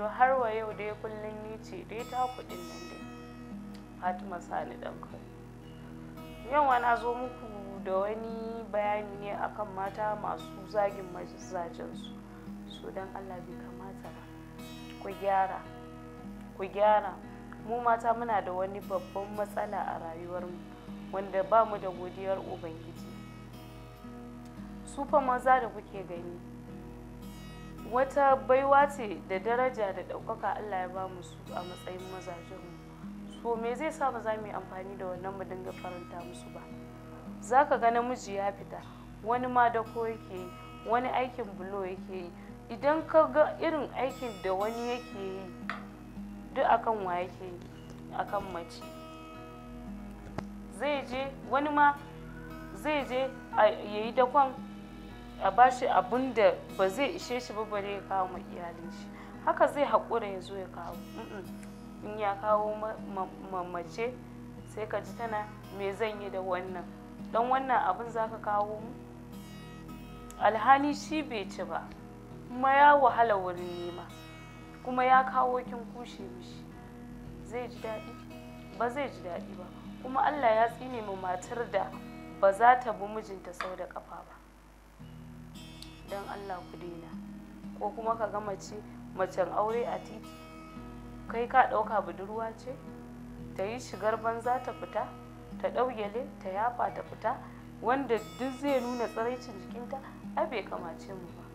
to har wa yau dai kullum ni ce dai ta kuɗin nan dai fatima sani ɗaukar yau na zo muku da wani bayani ne akan mata masu zagin majizajen su So don allah bai kamata ba ku gyara ku gyara mu mata muna da wani babban matsala a rayuwarmu wanda ba mu da godiyar ubangiji su fa maza da kuke gani wata baiwa ce da daraja da ɗaukaka Allah ya ba mu su a matsayin mazajen mu so me zai sa ba za mu yi amfani da wannan mu dinga faranta musu ba za ka ga namiji ya fita wani ma da ko yake yi wani aikin bulo yake yi idan ka ga irin aikin da wani yake yi duk akan wa yake yi akan mace zai je wani ma zai je a yayi dakon a bashi abun da ba zai ishe shi ba bare ya kawo iyalin shi haka zai haƙura ya zo ya kawo in ya kawo mace sai ka ji tana me zan yi da wannan don wannan abin za ka kawo mu alhali shi bai ci ba kuma ya wahala wurin nema kuma ya kawo kin kushe mishi zai ji daɗi ba zai ji daɗi ba kuma allah ya tsine mu matar da ba za ta bi mijinta sau da kafa ba don allah ku daina ko kuma ka ga mace macen aure a titi kai ka ɗauka budurwa ce ta yi shigar banza ta fita ta ɗauyale ta yafa ta fita wanda duk zai nuna tsaraicin jikinta ai bai kamace mu ba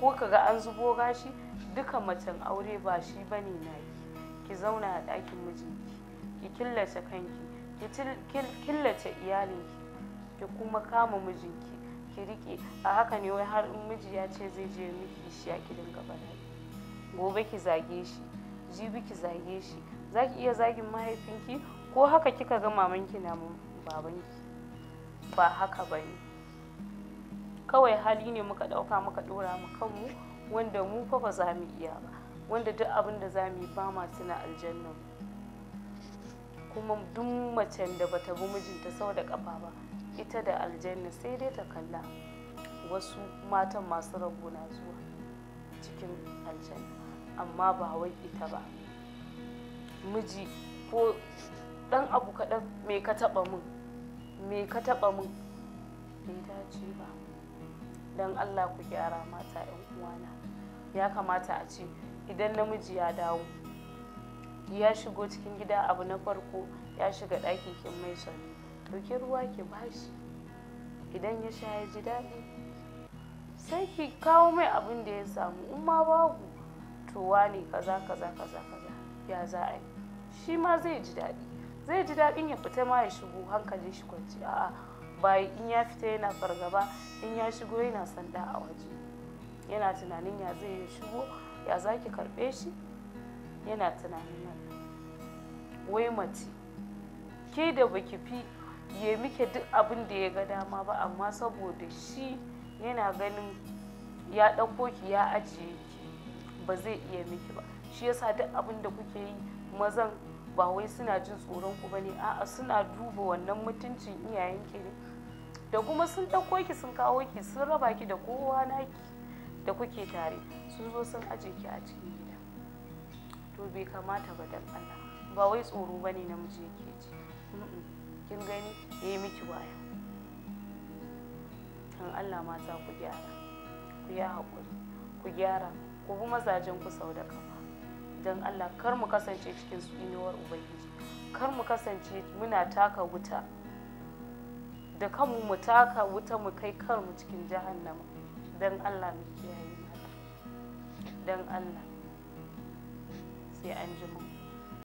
ko ka ga an zubo gashi duka macen aure ba shi bane naki ki zauna a ɗakin mijinki ki killace kanki ki killace iyalinki ki kuma kama mijinki ki riki a haka ne wai har in miji ya ce zai je miki shi a kidan gaba bana gobe ki zage shi jibi ki zage shi za ki iya zagin mahaifinki ko haka kika ga mamanki na babanki ba haka ba ne kawai hali ne muka ɗauka muka ɗora mu kanmu wanda mu fa ba za mu iya ba wanda duk abin da za mu yi ba ma suna aljanna mu kuma duk mace da bata bi mijinta sau da kafa ba ita da aljanna sai dai ta kalla wasu matan masu rabo na zuwa cikin aljanna amma ba wai ita ba miji ko dan abu kaɗan me ka taɓa min me ka taɓa min bai dace ba don allah ku gyara mata 'yan uwana ya kamata a ce idan namiji ya dawo ya shigo cikin gida abu na farko ya shiga ɗaki kin mai sani ɗauki ruwa ki bashi idan ya sha ya ji daɗi sai ki kawo mai abin da ya samu in ma babu to wane kaza kaza kaza kaza ya za a yi shi ma zai ji daɗi zai ji daɗin ya fita ma ya shigo hankalin shi kwanci a'a ba in ya fita yana fargaba in ya shigo yana sanda a waje yana tunanin ya zai ya shigo ya za ki karɓe shi yana tunanin nan wai mace ke da baki fi ya muke duk abin da ya ga dama ba amma saboda shi yana ganin ya ɗauko ki ya ajiye ki ba zai iya miki ba shi yasa duk abin da kuke yi mazan ba wai suna jin tsoron ku bane a'a suna duba wannan mutuncin iyayen ki ne da kuma sun ɗauko ki sun kawo ki sun raba ki da kowa naki da kuke tare sun zo sun aje ki a cikin gida to bai kamata ba dan Allah ba wai tsoro bane namiji yake ji kin gani yayi miki waya dan Allah mata ku gyara ku yi haƙuri ku gyara ku bi mazajen ku sau da kafa dan Allah kar mu kasance cikin inuwar ubangiji kar mu kasance muna taka wuta da kanmu mu taka wuta mu kai mu cikin jahannama dan Allah mu kiyaye dan Allah see engine.